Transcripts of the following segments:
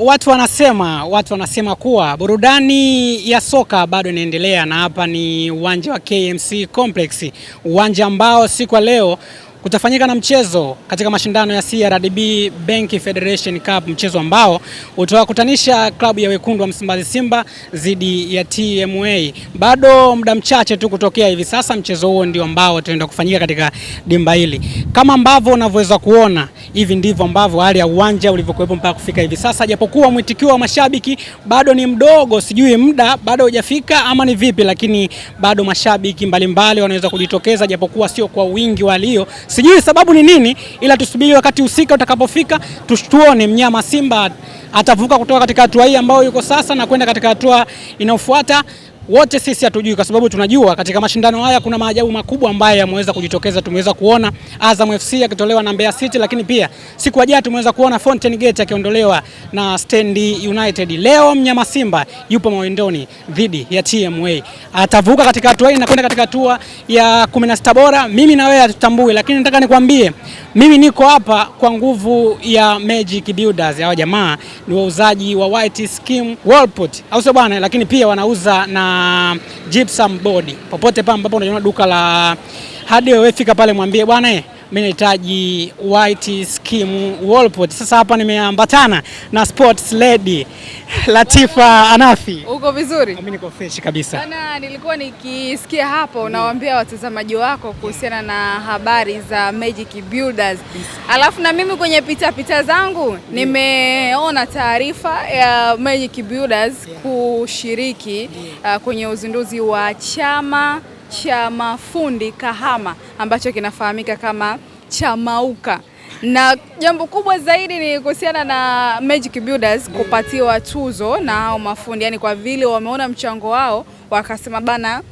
Watu wanasema watu wanasema kuwa burudani ya soka bado inaendelea, na hapa ni uwanja wa KMC Complex, uwanja ambao siku ya leo Kutafanyika na mchezo katika mashindano ya CRDB Bank Federation Cup, mchezo ambao utawakutanisha klabu ya wekundu wa Msimbazi Simba dhidi ya TMA. Bado muda mchache tu kutokea hivi sasa, mchezo huo ndio ambao utaenda kufanyika katika dimba hili. Kama ambavyo unavyoweza kuona, hivi ndivyo ambavyo hali ya uwanja ulivyokuwepo mpaka kufika hivi sasa, japokuwa mwitikio wa mashabiki bado ni mdogo, sijui muda bado hujafika ama ni vipi, lakini bado mashabiki mbalimbali wanaweza kujitokeza, japokuwa sio kwa wingi walio Sijui sababu ni nini, ila tusubiri wakati husika utakapofika, tuone mnyama Simba atavuka kutoka katika hatua hii ambayo yuko sasa na kwenda katika hatua inayofuata wote sisi hatujui, kwa sababu tunajua katika mashindano haya kuna maajabu makubwa ambayo yameweza kujitokeza. Tumeweza kuona Azam FC akitolewa na Mbeya City, lakini pia siku ya jana tumeweza kuona Fountain Gate akiondolewa na Stand United. Leo mnyama Simba yupo mawindoni dhidi ya TMA, atavuka katika hatua hii na kwenda katika hatua ya 16 bora. Mimi na wewe hatutambui, lakini nataka nikwambie mimi niko hapa kwa nguvu ya Magic Builders. Hawa jamaa ni wauzaji wa white skim wallpot, au sio bwana? Lakini pia wanauza na gypsum board. Popote pale ambapo unaona duka la hadi wewe fika pale, mwambie bwana eh, mimi nahitaji white skim wallpot. Sasa hapa nimeambatana na sports lady Latifa Anafi. Uko vizuri? Mimi niko fresh kabisa. Bana, nilikuwa nikisikia hapo unawaambia watazamaji wako kuhusiana na habari za Magic Builders. Alafu na mimi kwenye pita pita zangu nimeona taarifa ya Magic Builders kushiriki uh, kwenye uzinduzi wa chama cha mafundi Kahama ambacho kinafahamika kama Chamauka na jambo kubwa zaidi ni kuhusiana na Magic Builders kupatiwa tuzo na hao mafundi, yani kwa vile wameona mchango wao, wakasema bana,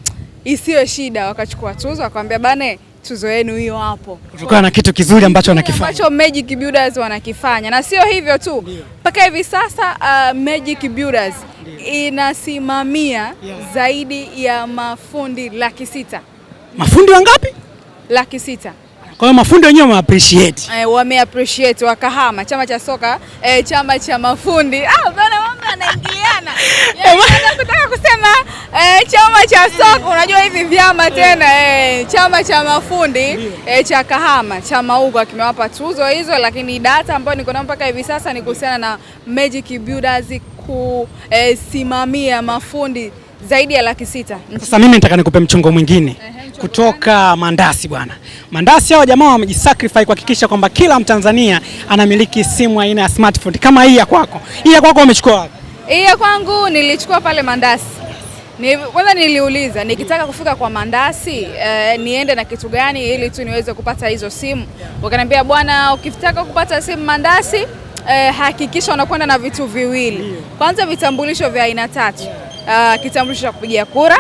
isiwe shida, wakachukua tuzo, wakamwambia bana tuzo yenu hiyo hapo, kutokana na kitu kizuri ambacho wanakifanya ambacho Magic Builders wanakifanya. Na sio hivyo tu, mpaka hivi sasa uh, Magic Builders inasimamia yeah, zaidi ya mafundi laki sita. Mafundi wangapi? Laki sita. Kwa hiyo mafundi wenyewe wame appreciate eh, wame appreciate wakahama chama cha soka eh, chama cha mafundi ah, bana E, chama cha soko unajua hivi vyama tena e, chama cha mafundi e, cha Kahama cha Maugwa kimewapa tuzo hizo, lakini data ambayo niko nayo mpaka hivi sasa ni kuhusiana na Magic Builders kusimamia e, mafundi zaidi ya laki sita. Sasa mimi nataka nikupe mchongo mwingine kutoka Mandasi bwana. Mandasi hao jamaa wamejisacrifice kuhakikisha kwamba kila Mtanzania anamiliki simu aina ya smartphone kama hii ya kwako. Hii ya kwako umechukua wapi? Hii ya kwangu nilichukua pale Mandasi. Kwanza niliuliza nikitaka kufika kwa Mandasi eh, niende na kitu gani ili tu niweze kupata hizo simu. Wakaniambia bwana, ukitaka kupata simu Mandasi eh, hakikisha unakwenda na vitu viwili. Kwanza vitambulisho vya aina tatu, uh, kitambulisho cha kupigia kura,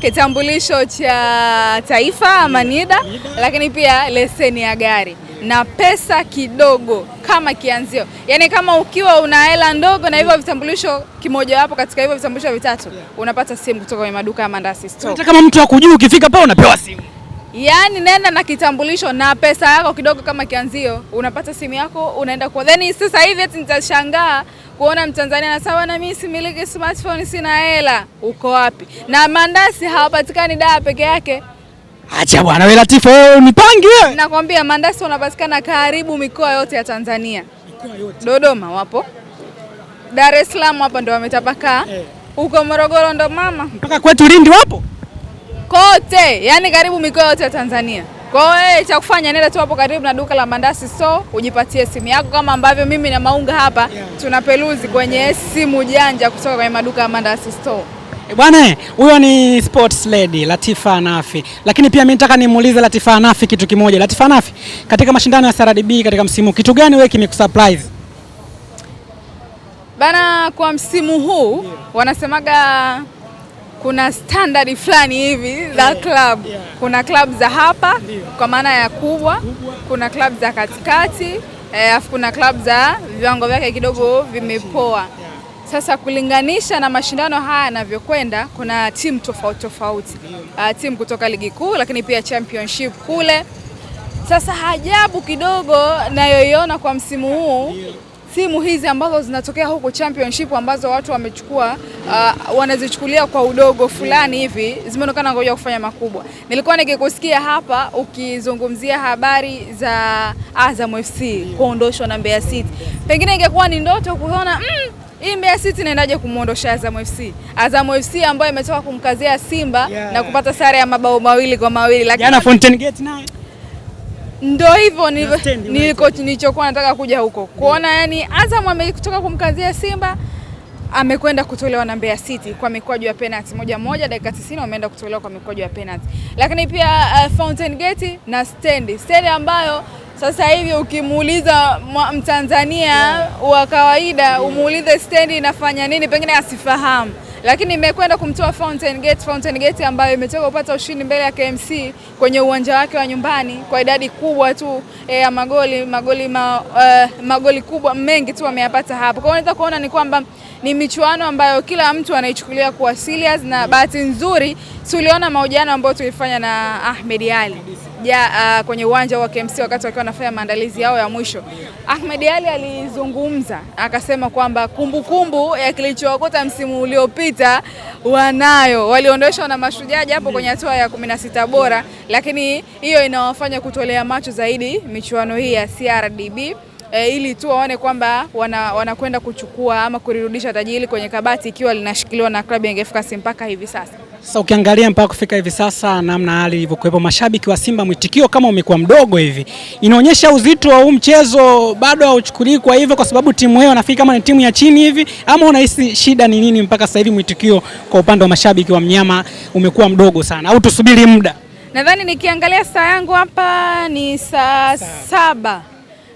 kitambulisho cha taifa ama NIDA, lakini pia leseni ya gari na pesa kidogo kama kianzio, yaani kama ukiwa una hela ndogo na hivyo vitambulisho kimojawapo katika hivyo vitambulisho vitatu unapata simu kutoka kwenye maduka ya Mandasi Store. Hata kama mtu hakujui, ukifika pale unapewa simu. Yaani nenda na kitambulisho na pesa yako kidogo kama kianzio, unapata simu yako, unaenda kwa then. Sasa hivi eti nitashangaa kuona Mtanzania anasema na mimi similiki smartphone, sina hela. Uko wapi? Na Mandasi hawapatikani daa peke yake. Acha bwana wewe Latifu nipange wewe. Nakwambia mandasi unapatikana karibu mikoa yote ya Tanzania. Mikoa yote. Dodoma wapo. Dar es Salaam hapa ndo wametapakaa. Eh. Huko eh, Morogoro ndo mama. Mpaka kwetu Lindi wapo. Kote, yani karibu mikoa yote ya Tanzania. Kwa hiyo eh, cha kufanya nenda tu hapo karibu na duka la mandasi so ujipatie simu yako kama ambavyo mimi na Maunga hapa yeah, tunapeluzi kwenye simu janja kutoka kwenye maduka ya mandasi store. Eh, bwana huyo ni sports lady Latifa anafi lakini pia mimi nataka nimuulize Latifa anafi kitu kimoja. Latifa Anafi, katika mashindano ya SRDB katika msimu, kitu gani wewe kimekusurprise bana kwa msimu huu? Yeah. wanasemaga kuna standard fulani hivi za club. Yeah. Kuna club za hapa kwa maana ya kubwa, kuna club za katikati, eh, alafu eh, kuna club za viwango vyake kidogo vimepoa sasa kulinganisha na mashindano haya yanavyokwenda, kuna timu tofauti tofauti, uh, ah, timu kutoka ligi kuu, lakini pia championship kule. Sasa hajabu kidogo nayoiona kwa msimu huu timu hizi ambazo zinatokea huko championship ambazo watu wamechukua uh, wanazichukulia kwa udogo fulani hivi zimeonekana ngoja kufanya makubwa. Nilikuwa nikikusikia hapa ukizungumzia habari za Azam FC kuondoshwa na Mbeya City, pengine ingekuwa ni ndoto kuona mm, hii Mbeya City inaendaje kumwondosha Azam FC? Azam FC ambayo imetoka kumkazia Simba yeah, na kupata sare ya mabao mawili kwa mawili lakini jana Fountain Gate naye ndo hivyo nilichokuwa nataka kuja huko kuona, yani Azam ametoka kumkazia Simba, amekwenda kutolewa na Mbeya City kwa mikwaju ya penalti moja moja, dakika 90 wameenda kutolewa kwa mikwaju ya penalti, lakini pia uh, Fountain Gate na stendi stendi ambayo sasa hivi ukimuuliza Mtanzania wa kawaida, umuulize stendi inafanya nini, pengine asifahamu lakini imekwenda kumtoa Fountain Gate, Fountain Gate ambayo imetoka kupata ushindi mbele ya KMC kwenye uwanja wake wa nyumbani kwa idadi kubwa tu eh, ya magoli magoli, ma, uh, magoli kubwa mengi tu wameyapata hapo. Kwa hiyo unaweza kuona ni kwamba ni michuano ambayo kila mtu anaichukulia kuwa serious, na bahati nzuri tuliona mahojiano ambayo tulifanya na Ahmed Ally ja, uh, kwenye uwanja wa KMC wakati wakiwa wanafanya maandalizi yao ya mwisho, Ahmed Ali alizungumza akasema kwamba kumbukumbu ya kilichowakuta msimu uliopita wanayo, waliondoshwa na Mashujaa japo kwenye hatua ya kumi na sita bora, lakini hiyo inawafanya kutolea macho zaidi michuano hii ya CRDB. E, ili tu waone kwamba wanakwenda wana kuchukua ama kurudisha taji hili kwenye kabati ikiwa linashikiliwa na klabu ya Yanga FC mpaka hivi sasa. Sasa ukiangalia mpaka kufika hivi sasa, namna hali ilivyokuwepo, mashabiki wa Simba, mwitikio kama umekuwa mdogo hivi, inaonyesha uzito wa huu mchezo bado hauchukulii kwa hivyo, kwa sababu timu hiyo nafikiri kama ni timu ya chini hivi, ama unahisi shida ni nini mpaka sasa hivi? Mwitikio kwa upande wa mashabiki wa mnyama umekuwa mdogo sana, au tusubiri muda? Nadhani nikiangalia saa yangu hapa ni saa saba, saba.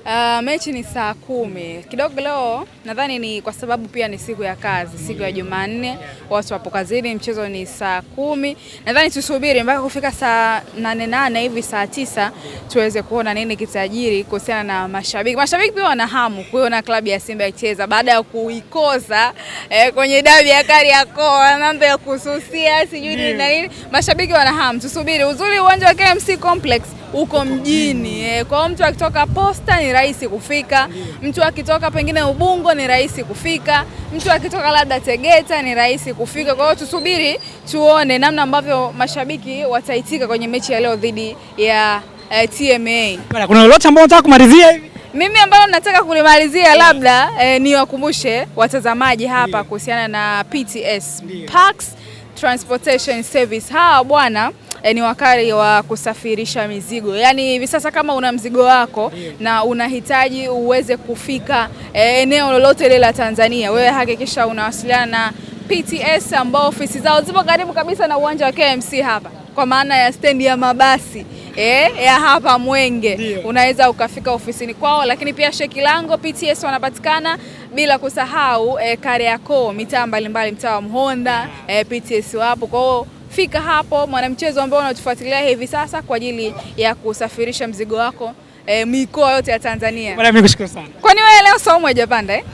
Uh, mechi ni saa kumi kidogo leo, nadhani ni kwa sababu pia ni siku ya kazi, siku ya Jumanne, watu wapo kazini. Mchezo ni saa kumi, nadhani tusubiri mpaka kufika saa nane nane hivi saa tisa tuweze kuona nini kitajiri kuhusiana na mashabiki. Mashabiki pia wana hamu kuona klabu ya Simba ikicheza baada ya kuikosa eh, kwenye dabi ya Kariakoo, mambo ya kususia sijui na nini. Mashabiki wana hamu, tusubiri uzuri uwanja wa KMC Complex huko mjini eh. Kwa hiyo mtu akitoka Posta ni rahisi kufika, mtu akitoka pengine Ubungo ni rahisi kufika, mtu akitoka labda Tegeta ni rahisi kufika. Kwa hiyo tusubiri tuone namna ambavyo mashabiki wataitika kwenye mechi ya leo dhidi ya eh, TMA. kuna lolote ambalo unataka kumalizia hivi? Mimi ambalo nataka kulimalizia eh. labda eh, ni wakumbushe watazamaji hapa kuhusiana na PTS Parks Transportation Service. Hawa bwana e, ni wakali wa kusafirisha mizigo. Yaani hivi sasa kama una mzigo wako na unahitaji uweze kufika e, eneo lolote ile la Tanzania, wewe hakikisha unawasiliana na PTS ambao ofisi zao zipo karibu kabisa na uwanja wa KMC hapa, kwa maana ya stendi ya mabasi E, ya hapa Mwenge unaweza ukafika ofisini kwao, lakini pia Shekilango PTS wanapatikana, bila kusahau e, Kariakoo, mitaa mbalimbali, mtaa wa Mhonda e, PTS wapo kwao fika hapo mwanamchezo ambao unatufuatilia hivi sasa kwa ajili ya kusafirisha mzigo wako e, mikoa yote ya Tanzania. Bwana mimi kushukuru sana. Kwani wewe leo saumu hajapanda eh?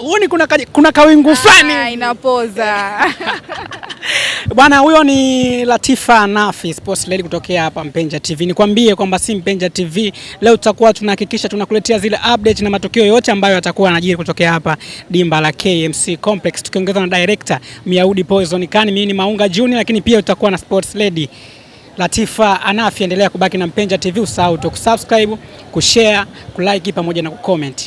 Huoni kuna kuna kawingu ah, fulani inapoza Bwana huyo ni Latifa Nafi Sports Lady kutokea hapa Mpenja TV. Nikwambie kwamba si Mpenja TV, leo tutakuwa tunahakikisha tunakuletea zile update na matukio yote ambayo yatakuwa yanajiri kutokea hapa dimba la KMC Complex, tukiongeza na director Miaudi Poison Kani. Mimi ni Maunga Junior, lakini pia tutakuwa na Sports Lady Latifa Anafi. Endelea kubaki na Mpenja TV, usahau to subscribe, kushare, kulike pamoja na kucomment.